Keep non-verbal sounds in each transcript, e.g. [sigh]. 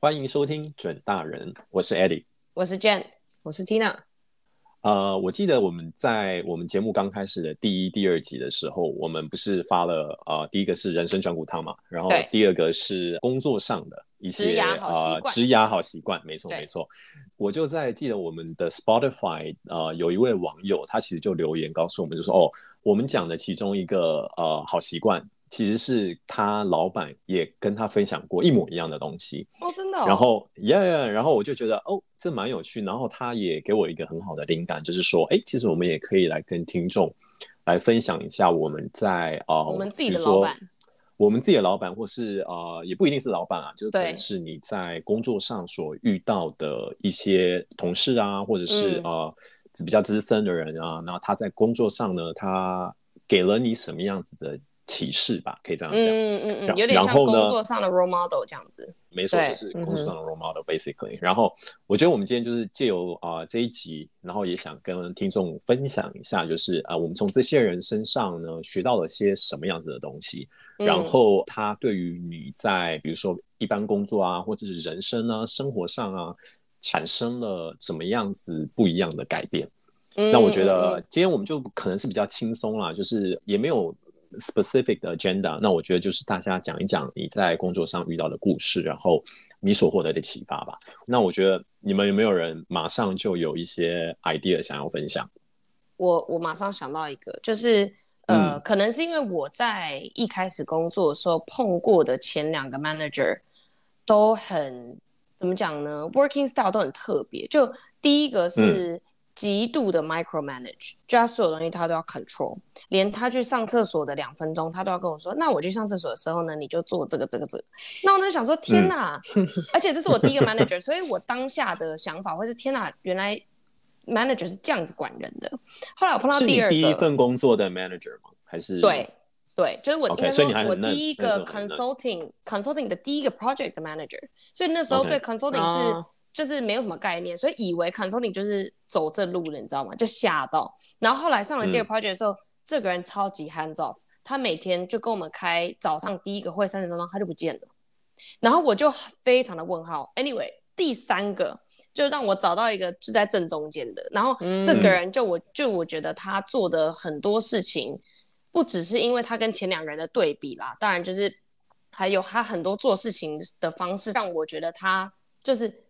歡迎收聽準大人，我是 Eddie，我是 Jen，我是 Tina。呃，我記得我們在我們節目剛開始的第一、第二集的時候，我們不是發了呃，第一個是人生轉骨湯嘛，然後第二個是工作上的一些啊、職業，呃、好、好習慣，沒錯沒錯。我就在記得我們的 Spotify 啊、呃，有一位網友他其實就留言告訴我們，就是，就說哦，我們講的其中一個呃好習慣。其實是他老闆也跟他分享過一模一樣的東西哦，真的、哦。然後，yeah yeah，然後我就覺得哦，這蠻有趣。然後他也給我一個很好的靈感，就是說，哎，其實我們也可以來跟聽眾來分享一下我們在啊、呃，我們自己的老闆，我們自己的老闆，或是啊、呃，也不一定是老闆啊，就是可能是你在工作上所遇到的一些同事啊，或者是、嗯、呃比較資深的人啊，然後他在工作上呢，他給了你什麼樣子的？啟示吧，可以這樣講。嗯嗯嗯，然後工作上的 role model 這樣子。沒錯，就是工作上的 role model basically。嗯、然後我覺得我們今天就是借由啊、呃、這一集，然後也想跟聽眾分享一下，就是啊、呃、我們從這些人身上呢學到了些什麼樣子的東西，嗯、然後他對於你在比如說一般工作啊，或者是人生啊，生活上啊，產生了什麼樣子不一樣的改變、嗯。那我覺得今天我們就可能是比較輕鬆啦，就是也沒有。Specific 的 agenda，那我覺得就是大家講一講你在工作上遇到的故事，然後你所獲得的啟發吧。那我覺得你們有沒有人馬上就有一些 idea 想要分享？我我馬上想到一個，就是呃、嗯，可能是因為我在一開始工作的時候碰過的前兩個 manager 都很怎麼講呢？Working style 都很特別。就第一個是，嗯極度的 micromanage，就他所有東西他都要 control，連他去上廁所的兩分鐘，他都要跟我說：“那我去上廁所的時候呢，你就做這個、這個、這個。”那我就想說：“天哪！”嗯、而且這是我第一個 manager， [laughs] 所以我當下的想法或是“天哪”，原來 manager 是這樣子管人的。後來我碰到第二，是你第一份工作的 manager 嗎？還是對對，就是我，所以你是我第一個 consulting consulting 的第一個 project 的 manager，所以那時候對 consulting、okay. 是。就是沒有什麼概念，所以以為看 o 你就是走正路的，你知道嗎？就嚇到。然後後來上了第二 p e c t 的時候、嗯，這個人超級 hands off，他每天就跟我們開早上第一個會三十分鐘，他就不見了。然後我就非常的問號。Anyway，第三個就讓我找到一個就在正中間的。然後這個人就我就我覺得他做的很多事情，不只是因為他跟前兩個人的對比啦，當然就是還有他很多做事情的方式，讓我覺得他就是。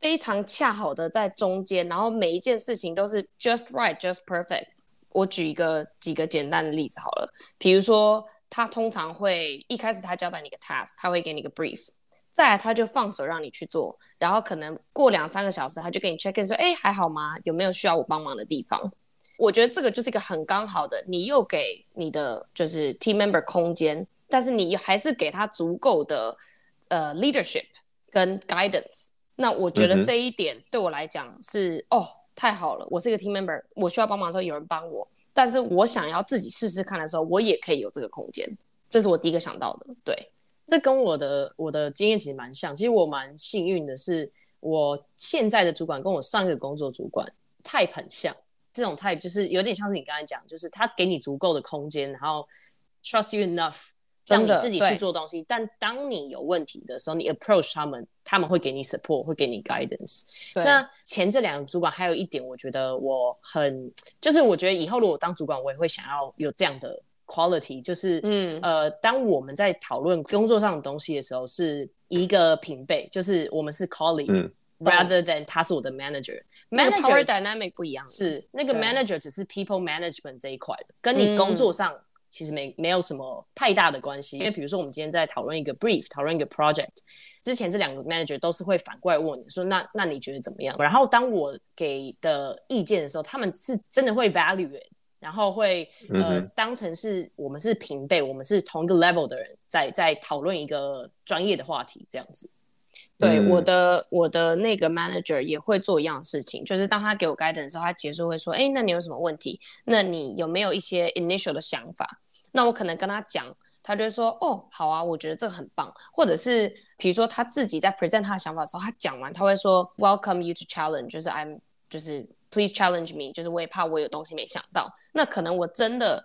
非常恰好的在中間，然後每一件事情都是 just right, just perfect。我舉一個幾個簡單的例子好了，比如說他通常會一開始，他交代你個 task，他會給你個 brief，再來他就放手讓你去做，然後可能過兩三個小時他就給你 check in 說，哎，還好嗎？有沒有需要我幫忙的地方？我覺得這個就是一個很剛好的，你又給你的就是 team member 空間，但是你還是給他足夠的呃 leadership 跟 guidance。那我覺得這一點對我來講是、嗯、哦，太好了。我是一個 team member，我需要幫忙的時候有人幫我，但是我想要自己試試看的時候，我也可以有這個空間。這是我第一個想到的。對，這跟我的我的經驗其實蠻像。其實我蠻幸運的是，我現在的主管跟我上一個工作主管 type 很像。這種 type 就是有點像是你剛才講，就是他給你足夠的空間，然後 trust you enough。讓你自己去做東西，但當你有問題的時候，你 approach 他們，他們會給你 support，會給你 guidance。那前這兩個主管還有一點，我覺得我很，就是我覺得以後如果我當主管，我也會想要有這樣的 quality，就是，嗯，呃，當我們在討論工作上的東西的時候，是一個平輩，就是我們是 colleague，rather、嗯、than 他是我的 manager。manager、那個、power、dynamic 不一樣的，是那個 manager 只是 people management 這一塊的，跟你工作上、嗯。其實沒沒有什麼太大的關係，因為比如說我們今天在討論一個 brief，討論一個 project，之前這兩個 manager 都是會反過來問你說，那，那那你覺得怎麼樣？然後當我給的意見的時候，他們是真的會 value it，然後會、嗯、呃當成是我們是平輩，我們是同一個 level 的人，在在討論一個專業的話題這樣子。對、嗯、我的我的那個 manager 也會做一樣事情，就是當他給我 guidance 的時候，他結束會說，哎，那你有什麼問題？那你有沒有一些 initial 的想法？那我可能跟他講，他就會說，哦，好啊，我覺得這個很棒。或者是比如說他自己在 present 他的想法的時候，他講完，他會說、嗯、welcome you to challenge，就是 I'm，就是 please challenge me，就是我也怕我有東西沒想到，那可能我真的。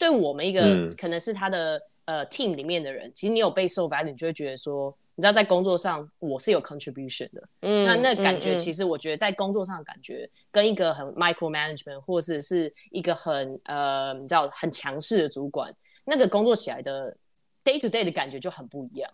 對我們一個可能是他的、嗯、呃 team 裡面的人，其實你有被受罰，你就會覺得說，你知道在工作上我是有 contribution 的，嗯，那那感覺其實我覺得在工作上感覺、嗯嗯，跟一個很 micro management，或者是一個很呃你知道很強勢的主管，那個工作起來的 day to day 的感覺就很不一樣，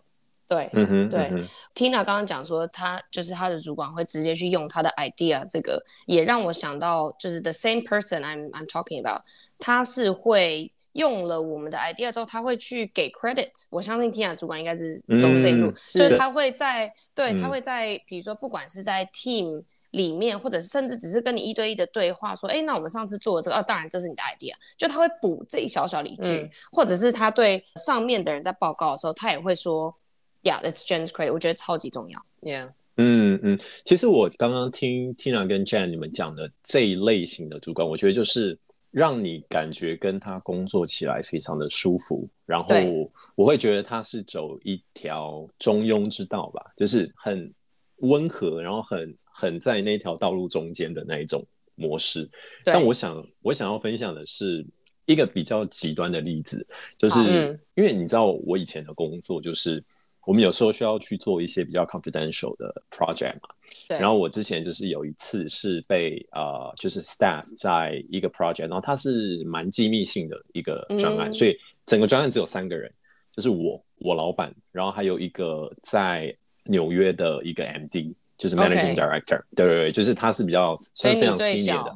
對，嗯、對、嗯。Tina 剛剛講說，他就是他的主管會直接去用他的 idea，這個也讓我想到就是 the same person I'm I'm talking about，他是會。用了我們的 idea 之後，他會去給 credit。我相信 Tina 主管，應該是走這一路，就、嗯、是他會在，對他會在、嗯，比如說，不管是在 team 裡面，或者是甚至只是跟你一對一的對話，說，哎，那我們上次做的這個，呃、哦，當然這是你的 idea，就他會補這一小小一句、嗯，或者是他對上面的人在報告的時候，他也會說，呀、yeah，it's Jen's credit，我覺得超級重要。Yeah，嗯嗯，其實我剛剛聽 Tina 跟 Jen 你們講的這一類型的主管，我覺得就是。讓你感覺跟他工作起來非常的舒服，然後我會覺得他是走一條中庸之道吧，就是很溫和，然後很很在那條道路中間的那一種模式。但我想我想要分享的是一個比較極端的例子，就是因為你知道我以前的工作就是。我們有時候需要去做一些比較 confidential 的 project 嘛，對。然後我之前就是有一次是被呃，就是 staff 在一個 project，然後它是蠻機密性的一個專案，嗯，所以整個專案只有三個人，就是我、我老闆，然後還有一個在紐約的一個 MD，就是 managing director，okay，對對對，就是他是比較算是非常機密的。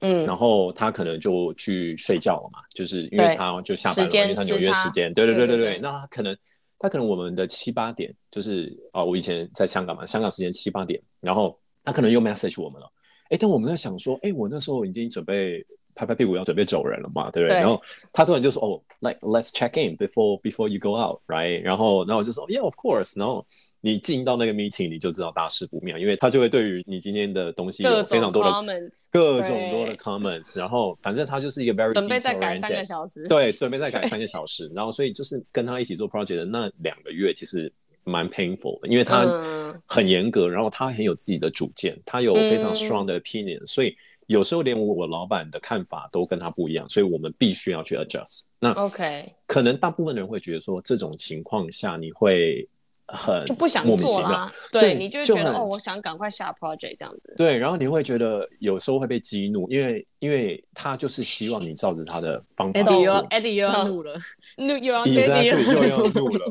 嗯，然後他可能就去睡覺了嘛，嗯、就是因為他就下班了嘛，因為他紐約時間，時間，對對對對對。那他可能，他可能我們的七八點，就是啊、哦，我以前在香港嘛，香港時間七八點，然後他可能又 message 我們了，誒，但我們在想說，誒，我那時候已經準備。拍拍屁股要準備走人了嘛，對不對？對，然後他突然就說：“哦 like let's check in before before you go out, right？” 然後，然後我就說：“Yeah, of course. 然後你進到那個 meeting，你就知道大事不妙，因為他就會對於你今天的東西有非常多的各種 comments，各種多的 comments。然後，反正他就是一個 very 準個。準備再改三個小時。對，準備再改三個小時。然後，所以就是跟他一起做 project 的那兩個月，其實蠻 painful 的，因為他很嚴格、嗯，然後他很有自己的主見，他有非常 strong、嗯、的 opinion，所以。有時候連我老板的看法都跟他不一樣，所以我們必須要去 adjust。那 OK，可能大部分的人會覺得說，這種情況下你會。很就不想做了。對，你就會覺得就哦，我想趕快下 project 這樣子。對，然後你會覺得有時候會被激怒，因為因為他就是希望你照着他的方法做。 [noise] Eddie 要，要要怒了，嗯、怒又要 exactly，又要怒了，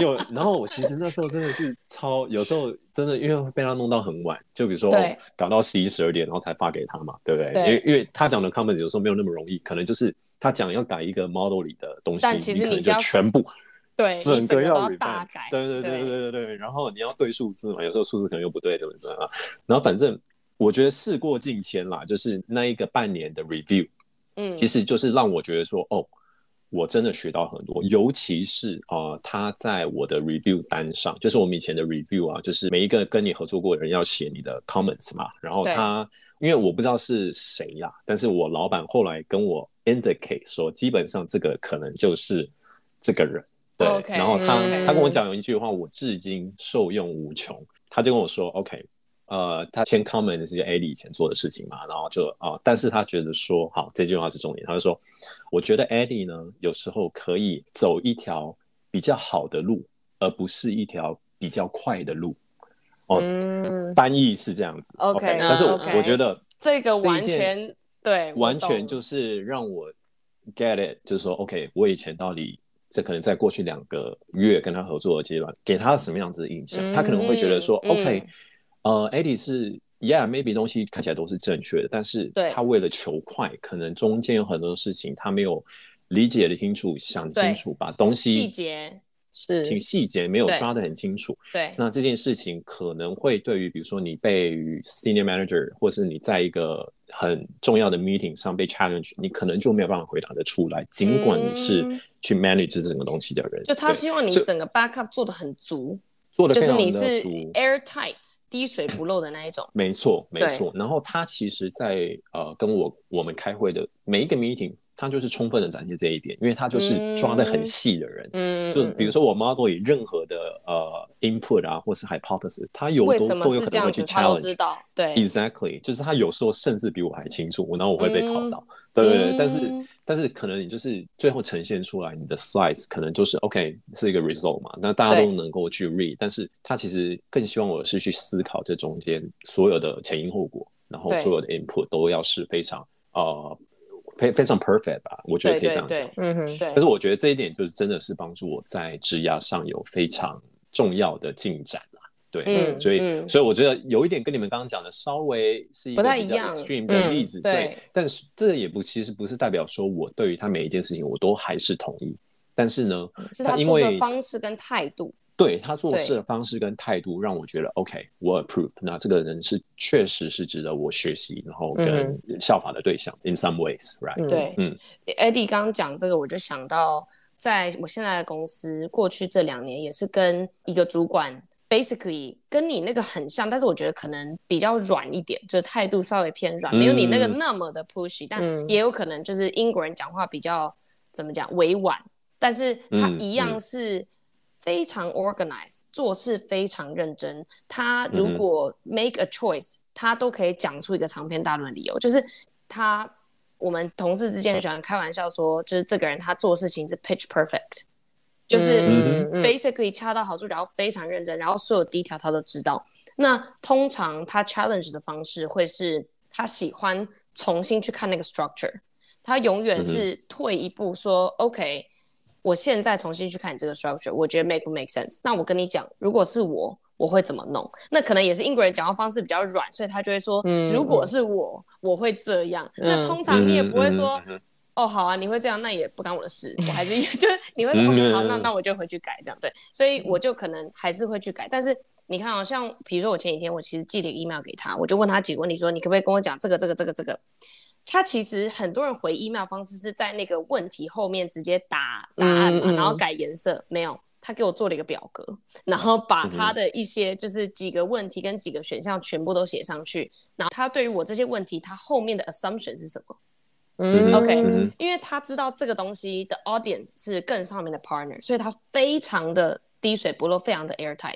又 [laughs] 然後其實那時候真的是超，有時候真的因為會被他弄到很晚，就比如說搞、哦、到十一十二點，然後才發給他嘛，對不對？對因為因為他講的 comment 有時候沒有那麼容易，可能就是他講要改一個 model 裡的東西，但其實你要全部。對嗯、整個要大改、嗯，對對對對對對對,對,對對對。然後你要對數字嘛，有時候數字可能又不對對不對啊？然後反正我覺得事過境遷啦，就是那一個半年的 review，嗯，其實就是讓我覺得說，哦，我真的學到很多，尤其是啊、呃，他在我的 review 單上，就是我們以前的 review 啊，就是每一個跟你合作過的人要寫你的 comments 嘛。然後他因為我不知道是誰啦，但是我老板後來跟我 indicate 說，基本上這個可能就是這個人。對，okay, 然後他、嗯、他跟我講有一句話，我至今受用無窮。他就跟我說、嗯、：“OK，呃，他簽 comment 是 Eddie 以前做的事情嘛，然後就啊、呃，但是他覺得說、嗯，好，這句話是重點。他就說，我覺得 Eddie 呢，有時候可以走一條比較好的路，而不是一條比較快的路。哦，翻、嗯、譯是這樣子。OK，, okay 但是我，、uh, okay, 我覺得這、這個完全對，完全就是讓我 get it，我就是說 OK，我以前到底。這可能在過去兩個月跟他合作的階段，給他什麼樣子的印象？嗯、他可能會覺得說、嗯、，OK，、嗯、呃，Eddie 是，Yeah，Maybe 東西看起來都是正確的，但是他為了求快，可能中間有很多事情他沒有理解的清楚、想清楚，把東西細節是，挺細節沒有抓得很清楚。對，那這件事情可能會對於比如說你被 senior manager 或是你在一個很重要的 meeting 上被 challenge，你可能就沒有辦法回答得出來。儘管你是去 manage 這整個東西的人，嗯，就他希望你整個 backup 做得很足，做的就是你是 air tight，滴水不漏的那一種。沒錯，沒錯。然後他其實在，在呃跟我我們開會的每一個 meeting。他就是充分的展現這一點，因為他就是抓得很細的人。嗯，就比如說我 Margot 以任何的呃、uh, input 啊，或是 hypothesis，他有都有可能會去 challenge。對。Exactly，就是他有時候甚至比我還清楚。我然後我會被考到，嗯、對對對、嗯。但是但是可能你就是最後呈現出來你的 slide 可能就是 OK 是一個 result 嘛，那大家都能夠去 read。但是他其實更希望我是去思考這中間所有的前因後果，然後所有的 input 都要是非常呃。非非常 perfect 吧，我覺得可以這樣講，嗯哼，但是我覺得這一點就是真的是幫助我在職涯上有非常重要的進展、啊、對，對，對、嗯，所以、嗯、所以我覺得有一點跟你們剛剛講的稍微是一個比較不太一樣的例子，嗯、對，對，但是這也不其實不是代表說我對於他每一件事情我都還是同意，但是呢，是他做事方式跟態度。對他做事的方式跟態度，讓我覺得 OK，我 approve。那這個人是確實是值得我學習，然後跟效法的對象。嗯、in some ways, right？、嗯、對，嗯，Eddie 剛剛講這個，我就想到，在我現在的公司，過去這兩年也是跟一個主管，basically 跟你那個很像，但是我覺得可能比較軟一點，就是態度稍微偏軟、嗯，沒有你那個那麼的 pushy，但也有可能就是英國人講話比較怎麼講委婉，但是他一樣是。嗯嗯非常 organize 做事非常認真。他如果 make a choice，、嗯、他都可以講出一個長篇大論理由。就是他，我們同事之間喜歡開玩笑說，就是這個人他做事情是 pitch perfect，就是 basically 恰到好處，然後非常認真，然後所有第一條他都知道。那通常他 challenge 的方式會是，他喜歡重新去看那個 structure。他永遠是退一步說、嗯、，OK。我現在重新去看你這個 structure，我覺得 make 不 make sense。那我跟你講，如果是我，我會怎麼弄？那可能也是英國人講話方式比較軟，所以他就會說，嗯、如果是我，我會這樣。嗯、那通常你也不會說、嗯嗯嗯，哦，好啊，你會這樣，那也不關我的事，我還是 [laughs] [laughs] 就是你會說、嗯 OK, 好，那那我就回去改這樣對。所以我就可能還是會去改。但是你看啊、哦，像比如說我前幾天我其實寄了一個 email 給他，我就問他幾個問題說，說你可不可以跟我講這個這個這個這個。這個這個他其實很多人回 email 的方式是在那個問題後面直接打答案嘛，嗯，然後改顏色、嗯、沒有，他給我做了一個表格，然後把他的一些就是幾個問題跟幾個選項全部都寫上去，嗯，然後他對於我這些問題，他後面的 assumption 是什麼？嗯，OK，嗯，因為他知道這個東西的 audience 是更上面的 partner，所以他非常的滴水不漏，非常的 airtight。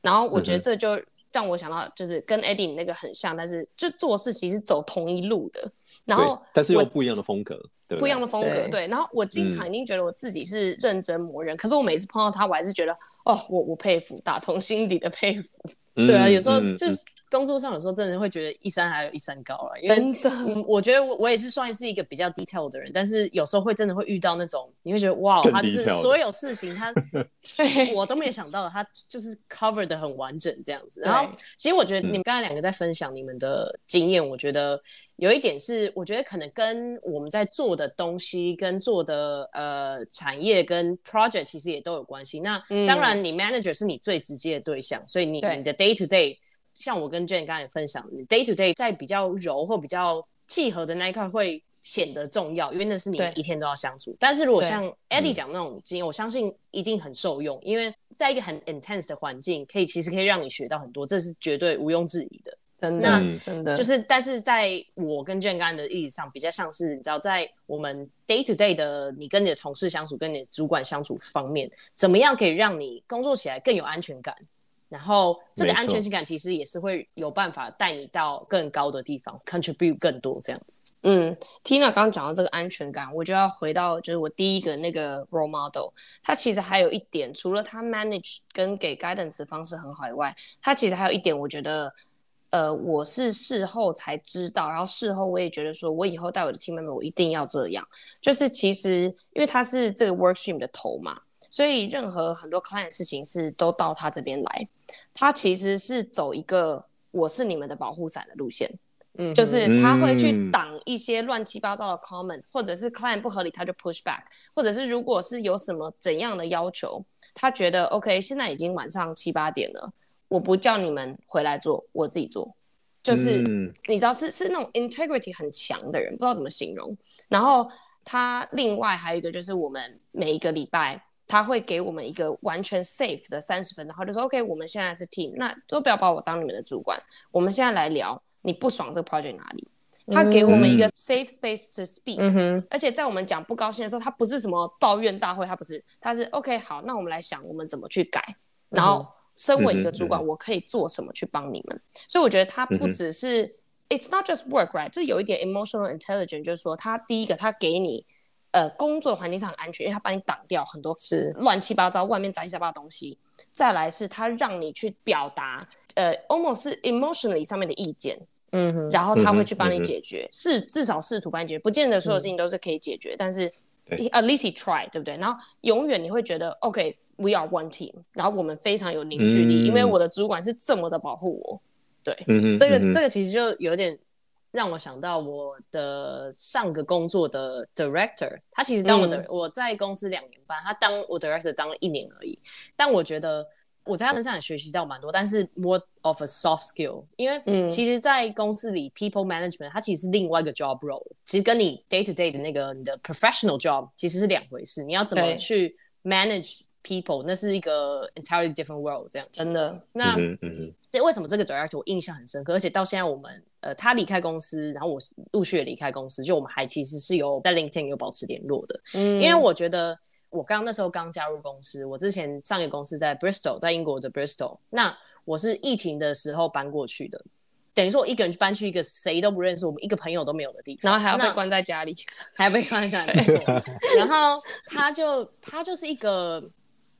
然後我覺得這就讓我想到就是跟 Eddie 那個很像，但是就做事其實走同一路的。然後，但是又有不一樣的風格，對，對，不一樣的風格，對。對然後我經常已經覺得我自己是認真魔人、嗯，可是我每次碰到他，我還是覺得，哦，我我佩服，打從心底的佩服，嗯、 [laughs] 對啊，有時候就是。嗯嗯工作上有時候真的會覺得一山還有一山高啦，真的。我覺得我我也是算是一個比較 detail 的人，但是有時候會真的會遇到那種你會覺得哇，他就是所有事情他， [laughs] 我都沒有想到，他就是 cover 得很完整這樣子。然後其實我覺得你們剛才兩個在分享你們的經驗、嗯，我覺得有一點是我覺得可能跟我們在做的東西、跟做的呃產業、跟 project 其實也都有關係。那、嗯、當然，你 manager 是你最直接的對象，所以你你的 day to day。像我跟 Jen 剛才也分享 day to day 在比較柔或比較契合的那一塊會顯得重要，因為那是你一天都要相處。但是如果像 Eddie 講那種經驗，我相信一定很受用、嗯，因為在一個很 intense 的環境，可以其實可以讓你學到很多，這是絕對毋庸置疑的。那嗯、真的，真的就是，但是在我跟 Jen 剛才的意義上，比較像是你知道，在我們 day to day 的你跟你的同事相處、跟你的主管相處方面，怎麼樣可以讓你工作起來更有安全感？然後這個安全性感其實也是會有辦法帶你到更高的地方，contribute 更多這樣子。嗯，Tina 剛剛講到這個安全感，我就要回到就是我第一個那個 role model，他其實還有一點，除了他 manage 跟給 guidance 的方式很好以外，他其實還有一點，我覺得，呃，我是事後才知道，然後事後我也覺得說我以後帶我的 team member，我一定要這樣，就是其實因為他是這個 work stream 的頭嘛。所以任何很多 client 的事情是都到他這邊來，他其實是走一個我是你們的保護傘的路線，嗯，就是他會去擋一些亂七八糟的 comment，或者是 client 不合理，他就 push back，或者是如果是有什麼怎樣的要求，他覺得 OK，現在已經晚上七八點了，我不叫你們回來做，我自己做，就是你知道是是那種 integrity 很強的人，不知道怎麼形容。然後他另外還有一個就是我們每一個禮拜。他會給我們一個完全 safe 的三十分，然後就說 OK，我們現在是 team，那都不要把我當你們的主管。我們現在來聊，你不爽這個 project 哪裡？他給我們一個 safe space to speak，mm -hmm. 而且在我們講不高興的時候，他不是什麼抱怨大會，他不是，他是 OK，好，那我們來想我們怎麼去改，mm -hmm. 然後身為一個主管，mm -hmm. 我可以做什麼去幫你們？Mm -hmm. 所以我覺得他不只是，it's not just work，right？這有一點 emotional intelligence，就是說他第一個，他給你。呃，工作環境上很安全，因為他幫你擋掉很多是亂七八糟外面雜七雜八的東西。再來是他讓你去表達，呃，almost emotionally 上面的意見，嗯哼，然後他會去幫你解決，是、嗯、至少試圖幫你解決，不見得所有的事情都是可以解決，嗯、但是對、啊、at least try，對不對？然後永遠你會覺得 OK，we、okay, are one team，然後我們非常有凝聚力、嗯，因為我的主管是這麼的保護我，對，嗯、這個、嗯、這個其實就有點。讓我想到我的上個工作的 director。他其實當我的我在公司兩年半，他當我 director 當了一年而已。但我覺得我在他身上也學習到蠻多，但是 more of a soft skill。因為其實，在公司裡 people management 它其實是另外一個 job role，其實跟你 day to day 的那個你的 professional job 其實是兩回事。你要怎麼去 manage？People，那是一個 entirely different world，這樣子真的。那這、嗯、為什麼這個 director 我印象很深刻，而且到現在我們呃他離開公司，然後我陸續離開公司，就我們還其實是有在 LinkedIn 有保持聯絡的。嗯。因為我覺得我剛那時候剛加入公司，我之前上一個公司在 Bristol，在英國的 Bristol，那我是疫情的時候搬過去的，等於說我一個人去搬去一個誰都不認識，我們一個朋友都沒有的地方，然後還要被關在家裡，還要被關在家裡。 [laughs] [laughs] [laughs] 然後他就他就是一個。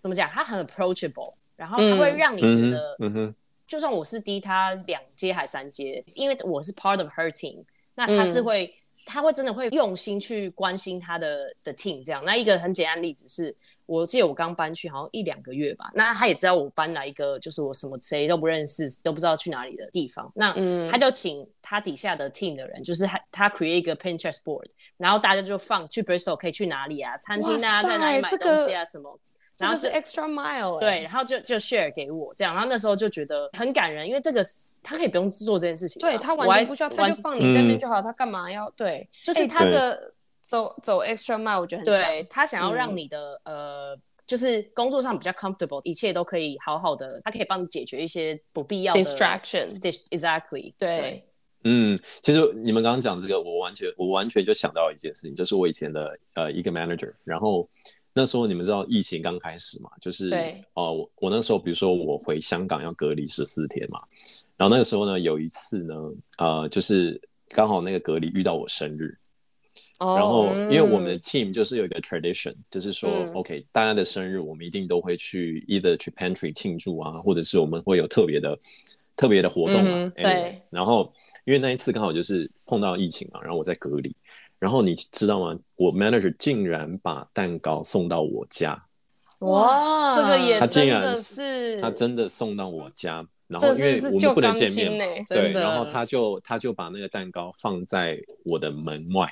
怎麼講？他很 approachable，然後他會讓你覺得，嗯、就算我是低他兩階還三階、嗯，因為我是 part of her team，那他是會，嗯、他會真的會用心去關心他的的 team 這樣。那一個很簡單的例子是，我記得我剛搬去好像一兩個月吧，那他也知道我搬來一個就是我什麼誰都不認識，都不知道去哪裡的地方，那他就請他底下的 team 的人，就是他他 create 一個 Pinterest board，然後大家就放去 Bristol 可以去哪裡啊，餐廳啊，在哪裡買東西啊，這個、什麼。然後就、這個、是 extra mile、欸、對，然後就就 share 給我這樣，然後那時候就覺得很感人，因為這個他可以不用做這件事情，對他完全不需要，他就放你這邊就好、嗯，他幹嘛要對？就是他的走走 extra mile 我覺得很對他想要讓你的、嗯、呃，就是工作上比較 comfortable，一切都可以好好的，他可以幫你解決一些不必要的 distraction，exactly 對，對，嗯，其實你們剛剛講這個，我完全我完全就想到一件事情，就是我以前的呃一個 manager，然後。那時候你們知道疫情剛開始嘛？就是哦、呃，我我那時候比如說我回香港要隔離十四天嘛，然後那個時候呢有一次呢，呃，就是剛好那個隔離遇到我生日，oh, 然後、um, 因為我們的 team 就是有一個 tradition，就是說、um, OK 大家的生日我們一定都會去，either 去 pantry 慶祝啊，或者是我們會有特別的特別的活動、啊。Um, anyway, 對，然後因為那一次剛好就是碰到疫情嘛、啊，然後我在隔離。然後你知道嗎？我 manager 竟然把蛋糕送到我家，哇，這個也他真的是，他真的送到我家，然後因為我們不能見面、欸、對，然後他就他就把那個蛋糕放在我的門外，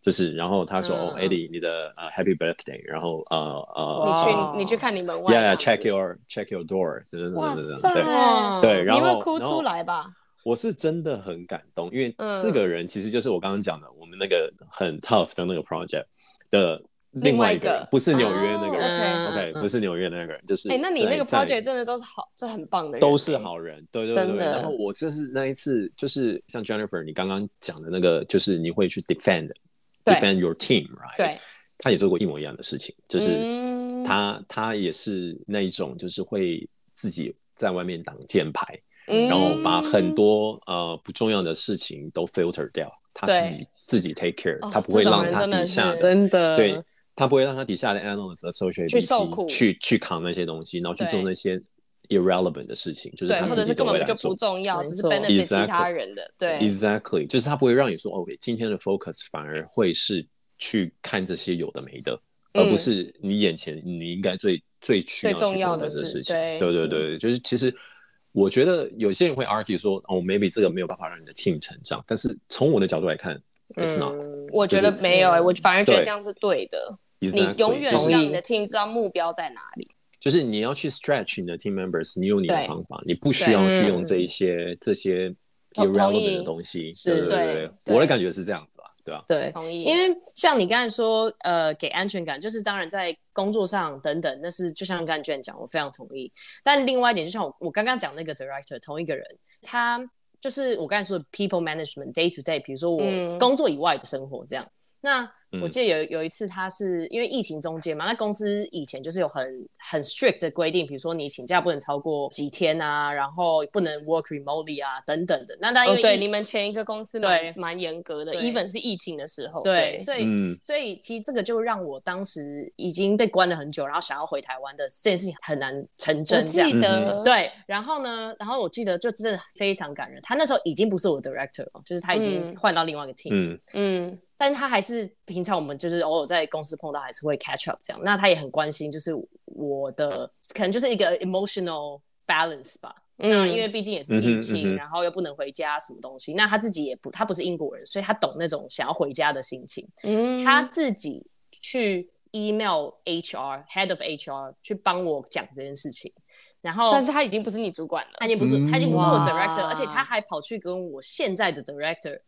就是，然後他說，哦、嗯 oh,，Eddie 你的，uh, happy birthday，然後呃呃，uh, uh, 你去你去看你門外，Yeah，check your check your door，哇塞，對，對，然後你會哭出來吧？我是真的很感動，因為這個人其實就是我剛剛講的、嗯，我們那個很 tough 的那個 project 的另外一個，一個不是紐約那個、哦、，OK、嗯 okay 嗯、不是紐約那個人，就是在在。哎、欸，那你那個 project 真的都是好，這很棒的人，都是好人，對對對。然後我就是那一次，就是像 Jennifer，你剛剛講的那個，就是你會去 defend defend your team，right？對，他也做過一模一樣的事情，就是他、嗯、他也是那一種，就是會自己在外面擋箭牌。然後把很多、嗯、呃不重要的事情都 filter 掉，他自己自己 take care，哦、他不會讓他底下的，哦的，對，他不會讓他底下的 analyst associate 去受苦，去去扛那些東西，然後去做那些 irrelevant 的事情，對，就是他自己或者是根本就不重要，只 benefit、exactly，其他人的，對，exactly 就是他不會讓你說，OK，哦、今天的 focus 反而會是去看這些有的沒的，嗯、而不是你眼前你應該最最需要做的，的事情，對對、嗯、對，就是其實。我覺得有些人會 argue 說，哦，maybe 這個沒有辦法讓你的 team 成長。但是從我的角度來看、嗯、，it's not。我覺得沒有、欸、我反而覺得這樣是對的。對，你永遠讓你的 team 知道目標在哪裡。就是你要去 stretch 你的 team members，你有你的方法，你不需要去用這一些、嗯、這些 irrelevant 的東西，對對對對。對，我的感覺是這樣子、啊。對，同意。因為像你剛才說，呃，給安全感，就是當然在工作上等等，那是就像干卷講，我非常同意。但另外一點，就像我我剛剛講的那個 director，同一個人，他就是我剛才說的 people management day to day，比如說我工作以外的生活這樣。嗯。那我記得有有一次，他是因為疫情中間嘛，那公司以前就是有很很 strict 的規定，比如說你請假不能超過幾天啊，然後不能 work remotely 啊，等等的。那他因為、哦、對你們前一個公司對蠻嚴格的，even 是疫情的時候對,對,對，所以、嗯、所以其實這個就讓我當時已經被關了很久，然後想要回台灣的這件事情很難成真這樣。我記得對，然後呢，然後我記得就真的非常感人。他那時候已經不是我 director 了，就是他已經換到另外一個 team，嗯。嗯嗯但他還是平常我們就是偶爾在公司碰到還是會 catch up 這樣，那他也很關心，就是我的可能就是一個 emotional balance 吧。嗯，那、嗯、因為畢竟也是疫情，嗯，然後又不能回家什麼東西，嗯、那他自己也不他不是英國人，所以他懂那種想要回家的心情。嗯，他自己去 email HR head of HR 去幫我講這件事情，然後但是他已經不是你主管了，嗯、他已經不是他已經不是我 director，而且他還跑去跟我現在的 director。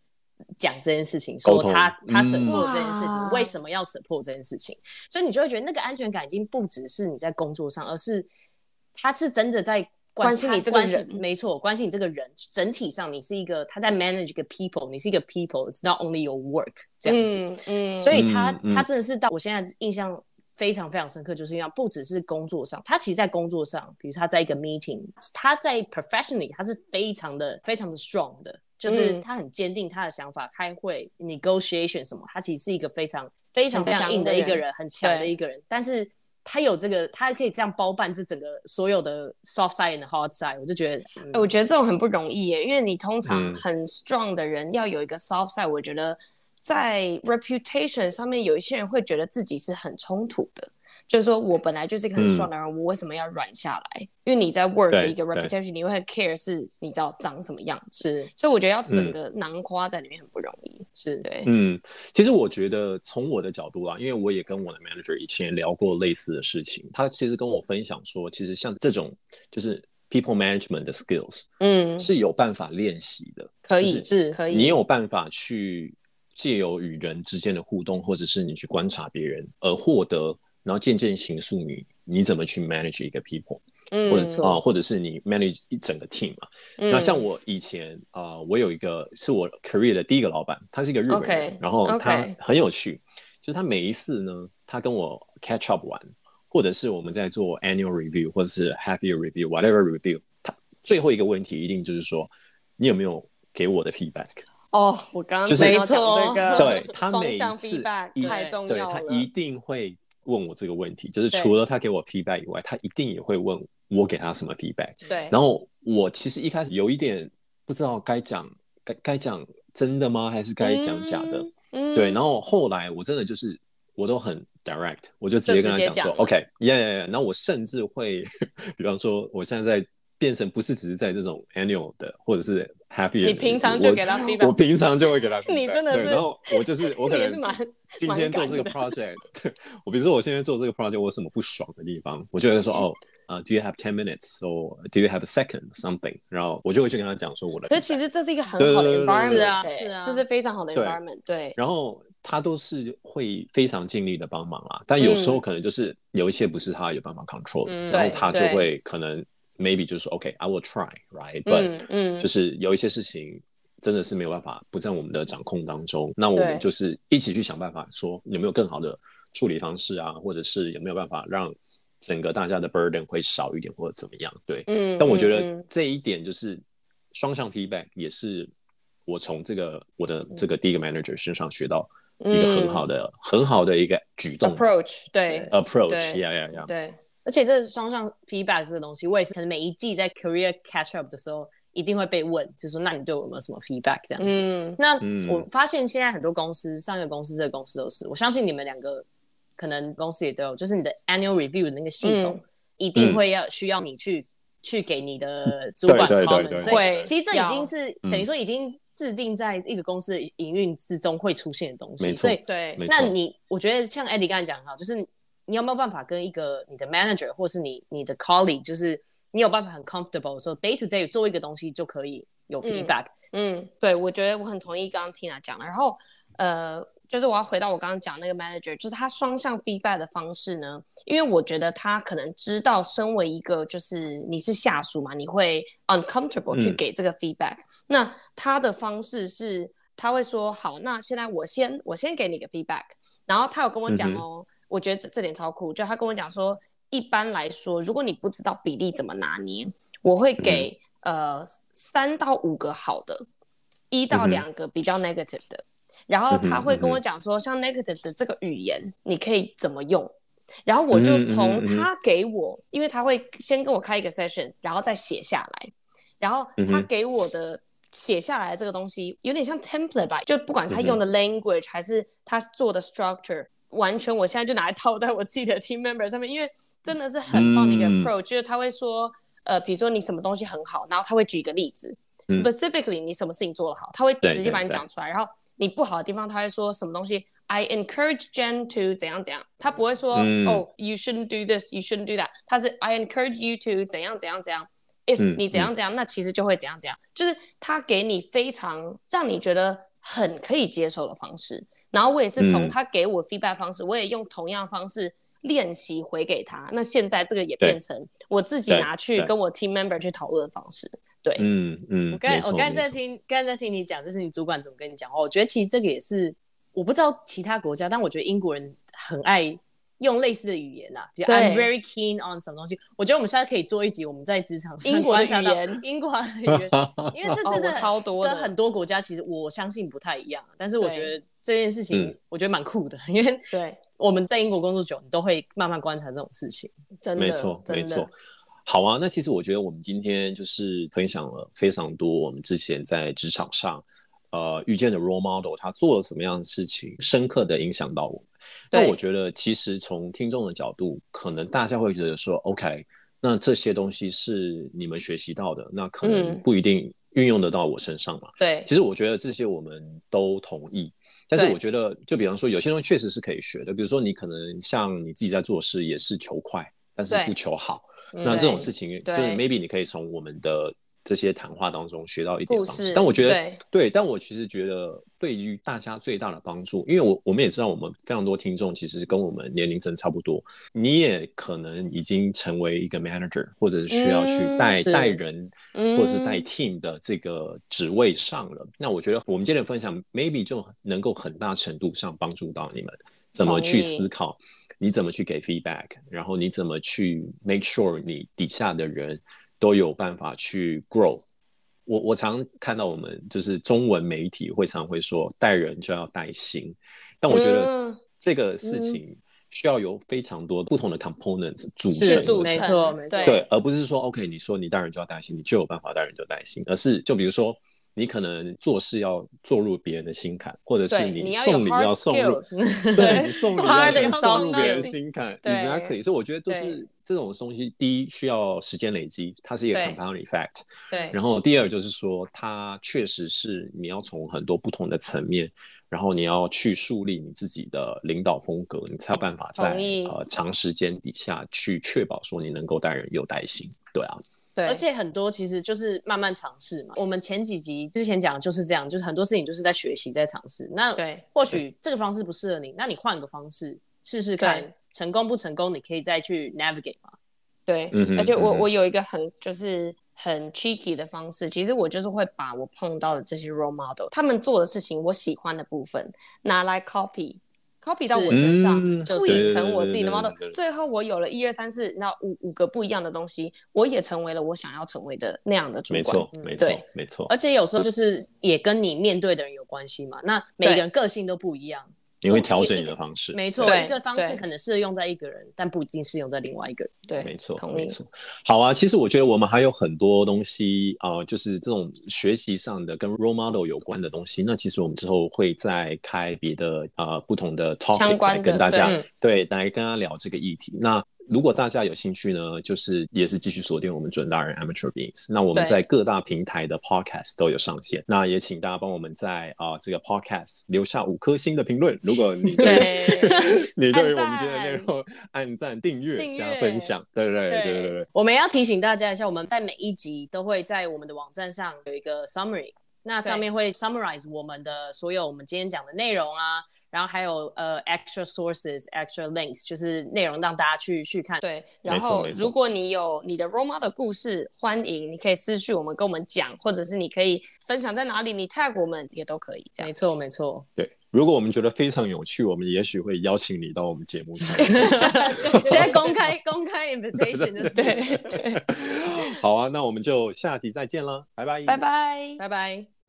講這件事情，說他、嗯、他 support 這件事情，為什麼要 support 這件事情？所以你就會覺得那個安全感已經不只是你在工作上，而是他是真的在關，關心你這個人。關，沒錯，關心你這個人，整體上你是一個，他在 manage 一個 people，你是一個 people，it's not only your work 這樣子。嗯。嗯，所以他、嗯、他真的是到我現在印象非常非常深刻，就是因為不只是工作上，他其實在工作上，比如他在一個 meeting，他在 professionally，他是非常的非常的 strong 的。就是他很堅定他的想法，開、嗯、會 negotiation 什麼，他其實是一個非常非常強硬的一個人，很強的，的一個人。但是他有這個，他還可以這樣包辦這整個所有的 soft side in and hard side，我就覺得、嗯欸，我覺得這種很不容易耶，因為你通常很 strong 的人要有一個 soft side，、嗯、我覺得在 reputation 上面，有一些人會覺得自己是很衝突的。就是說我本來就是一個很爽的人、嗯，我為什麼要軟下來？因為你在 work 一個 reputation，你會很 care 是你知道長什麼樣子是，所以我覺得要整個囊括在裡面很不容易，嗯、是對。嗯，其實我覺得從我的角度啊，因為我也跟我的 manager 以前聊過類似的事情，他其實跟我分享說，其實像這種就是 people management 的 skills，嗯，是有辦法練習的，可以、就是可以，你有辦法去借由與人之間的互動，或者是你去觀察別人而獲得。然後漸漸形塑你，你怎麼去 manage 一個 people，嗯，或者啊、嗯呃，或者是你 manage 一整個 team 嘛。嗯、那像我以前啊、呃，我有一個是我 career 的第一個老闆，他是一個日本人，okay，然後他很有趣，okay。就是他每一次呢，他跟我 catch up 完，或者是我們在做 annual review，或者是 half year review，whatever review，他最後一個問題一定就是說，你有沒有給我的 feedback？哦，我剛剛就是講這個，對他每一次一，feedback 太重要了，他一定會。問我這個問題，就是除了他給我 feedback 以外，他一定也會問我給他什麼 feedback。對，然後我其實一開始有一點不知道該講該該講真的嗎，還是該講假的？嗯、對，然後後來我真的就是我都很 direct，我就直接跟他講說，OK，yeah，yeah，yeah。Okay, yeah, yeah, yeah, 然後我甚至會，比方說我現在在。變成不是只是在這種 annual 的或者是 happy，你平常就給他 feedback，我 [laughs] 我平常就會給他 feedback。 [laughs] 你真的是對，然後我就是我可能 [laughs] 是蠻，今天做這個 project，我比如說我現在做這個 project，我有什麼不爽的地方，我就會說 [laughs] 哦、uh，do you have ten minutes or do you have a second something？然後我就會去跟他講說我的。所以其實這是一個很好的 environment，對對對對對，是啊，是啊，這是非常好的 environment，對。對對，然後他都是會非常盡力的幫忙啊、嗯，但有時候可能就是有一些不是他有辦法 control、嗯、然後他就會可能、嗯。Maybe 就是說，OK，I will try，right，but、嗯嗯、就是有一些事情真的是沒有辦法不在我們的掌控當中，嗯、那我們就是一起去想辦法，說有沒有更好的處理方式啊，或者是有沒有辦法讓整個大家的 burden 會少一點或者怎麼樣？對，嗯、但我覺得這一點就是雙向 feedback、嗯、也是我從這個、嗯、我的這個第一個 manager 身上學到一個很好的、嗯、很好的一個舉動 approach，對 approach，呀呀呀，對。Approach, 對 yeah, yeah, 對 yeah, yeah, 而且這是雙向 feedback 這個東西，我也是可能每一季在 career catch up 的時候一定會被問，就是說那你對我有沒有什麼 feedback 這樣子、嗯？那我發現現在很多公司，上一個公司、嗯、這個公司都是，我相信你們兩個可能公司也都有，就是你的 annual review 的那個系統、嗯、一定會要需要你去、嗯、去給你的主管他對,對,對,對其實這已經是,對對對已經是等於說已經制定在一個公司營運之中會出現的東西。嗯、所以對，對。那你，我覺得像 Eddie 剛才講很好，就是。你有沒有辦法跟一個你的 manager 或是你你的 colleague，就是你有辦法很 comfortable，so day to day 做一個東西就可以有 feedback 嗯。嗯，對，我覺得我很同意剛剛 Tina 講的。然後呃，就是我要回到我剛剛講那個 manager，就是他雙向 feedback 的方式呢，因為我覺得他可能知道身為一個就是你是下屬嘛，你會 uncomfortable 去給這個 feedback、嗯。那他的方式是他會說好，那現在我先我先給你個 feedback，然後他有跟我講哦。嗯我覺得這這點超酷，就他跟我講說，一般來說，如果你不知道比例怎麼拿捏，我會給、嗯、呃三到五個好的，一到兩個比較 negative 的、嗯，然後他會跟我講說、嗯，像 negative 的這個語言你可以怎麼用，然後我就從他給我、嗯嗯，因為他會先跟我開一個 session，然後再寫下來，然後他給我的、嗯、寫下來的這個東西有點像 template 吧，就不管是他用的 language、嗯、還是他做的 structure。完全，我現在就拿來套在我自己的 team member 上面，因為真的是很棒的一個 approach，、嗯、就是他會說，呃，比如說你什麼東西很好，然後他會舉一個例子、嗯、，specifically 你什麼事情做得好，他會直接把你講出來，對對對，然後你不好的地方，他會說什麼東西，I encourage Jen to 怎樣怎樣，他不會說，哦、嗯 oh,，you shouldn't do this，you shouldn't do that，他是 I encourage you to 怎樣怎樣怎樣，if 你怎樣怎樣、嗯，那其實就會怎樣怎樣，就是他給你非常讓你覺得很可以接受的方式。然後我也是從他給我 feedback 方式、嗯，我也用同樣方式練習回給他。那現在這個也變成我自己拿去跟我 team member 去討論的方式。對，嗯嗯。我剛才我剛才在聽，剛才在聽你講，這是你主管怎麼跟你講、哦。我覺得其實這個也是，我不知道其他國家，但我覺得英國人很愛用類似的語言吶、啊，比如 I'm very keen on 什麼東西。我覺得我們現在可以做一集，我們在職場英國語言，英國語言， [laughs] 因為這真的超多，跟很多國家其實我相信不太一樣，但是我覺得。這件事情我覺得蠻酷的，嗯，因為對，我們在英國工作久，你都會慢慢觀察這種事情，真的，沒錯，真的，沒錯。好啊，那其實我覺得我們今天就是分享了非常多我們之前在職場上，呃，遇見的 role model，他做了什麼樣的事情，深刻的影響到我們。那我覺得其實從聽眾的角度，可能大家會覺得說，嗯，OK，那這些東西是你們學習到的，那可能不一定運用得到我身上嘛。對，嗯，其實我覺得這些我們都同意。但是我覺得，就比方說，有些東西確實是可以學的。比如說，你可能像你自己在做事也是求快，但是不求好。那這種事情，對，就是 maybe 你可以從我們的。這些談話當中學到一點方式，但我覺得對，對，但我其實覺得對於大家最大的幫助，因為我我們也知道，我們非常多聽眾其實是跟我們年齡層差不多。你也可能已經成為一個 manager，或者是需要去帶、嗯、帶人，或者是帶 team 的這個職位上了。嗯、那我覺得我們今天的分享 maybe 就能夠很大程度上幫助到你們，怎麼去思考，你怎麼去給 feedback，然後你怎麼去 make sure 你底下的人。都有辦法去 grow。我我常看到我們就是中文媒體會常會說帶人就要帶心，但我覺得這個事情需要有非常多的不同的 components 組成，嗯嗯是組成，沒錯，沒錯對，而不是說 OK，你說你帶人就要帶心，你就有辦法帶人就帶心，而是就比如說你可能做事要做入別人的心坎，或者是你送禮要送入，你要有 hard skills，對， [laughs] 對 [laughs] 你送禮要送入別人的心坎，你覺得可以？所以我覺得都是。這種東西，第一需要時間累積，它是一個 compound effect。對。對。然後第二就是說，它確實是你要從很多不同的層面，然後你要去樹立你自己的領導風格，你才有辦法在呃長時間底下去確保說你能夠帶人有帶心。對啊。對。而且很多其實就是慢慢嘗試嘛。我們前幾集之前講的就是這樣，就是很多事情就是在學習在嘗試。那對。或許這個方式不適合你，那你換個方式試試看。成功不成功，你可以再去 navigate 嗎？對、嗯，而且我我有一個很就是很 cheeky 的方式、嗯，其實我就是會把我碰到的這些 role model 他們做的事情，我喜歡的部分拿來 copy，copy copy 到我身上，嗯、就是、形成我自己的 model。最後我有了一二三四，那五五個不一樣的東西，我也成為了我想要成為的那樣的主管。沒錯、嗯，沒錯，沒錯。而且有時候就是也跟你面對的人有關係嘛，那每個人個性都不一樣。你會調整你的方式，沒錯，一個方式可能適合用在一個人，但不一定適用在另外一個人。對,對，沒錯，同意。好啊，其實我覺得我們還有很多東西啊、呃，就是這種學習上的跟 role model 有關的東西。那其實我們之後會再開別的啊、呃、不同的 topic 的來跟大家對,對來跟他聊這個議題。那如果大家有興趣呢，就是也是繼續鎖定我們準大人 Amateur Beings，那我們在各大平台的 podcast 都有上線，那也請大家幫我們在啊、呃、這個 podcast 留下五顆星的評論。如果你對於，對 [laughs] 你對於我們今天的內容按讚，按讚、訂閱、加分享，對不對？對對對對。我們要提醒大家一下，我們在每一集都會在我們的網站上有一個 summary。那上面會 summarize 我們的所有我們今天講的內容啊，然後還有呃、uh, extra sources, extra links，就是內容讓大家去去看。對，然後如果你有你的 role model 的故事，歡迎你可以私訊我們跟我們講，或者是你可以分享在哪裡你 tag 我們也都可以。這樣。沒錯沒錯。對，如果我們覺得非常有趣，我們也許會邀請你到我們節目。 [laughs] [laughs] 現在公開 [laughs] 公開 invitation 的、就是。 [laughs] 對對。 [laughs] [laughs] 好啊，那我們就下集再見了，拜拜，拜拜，拜拜。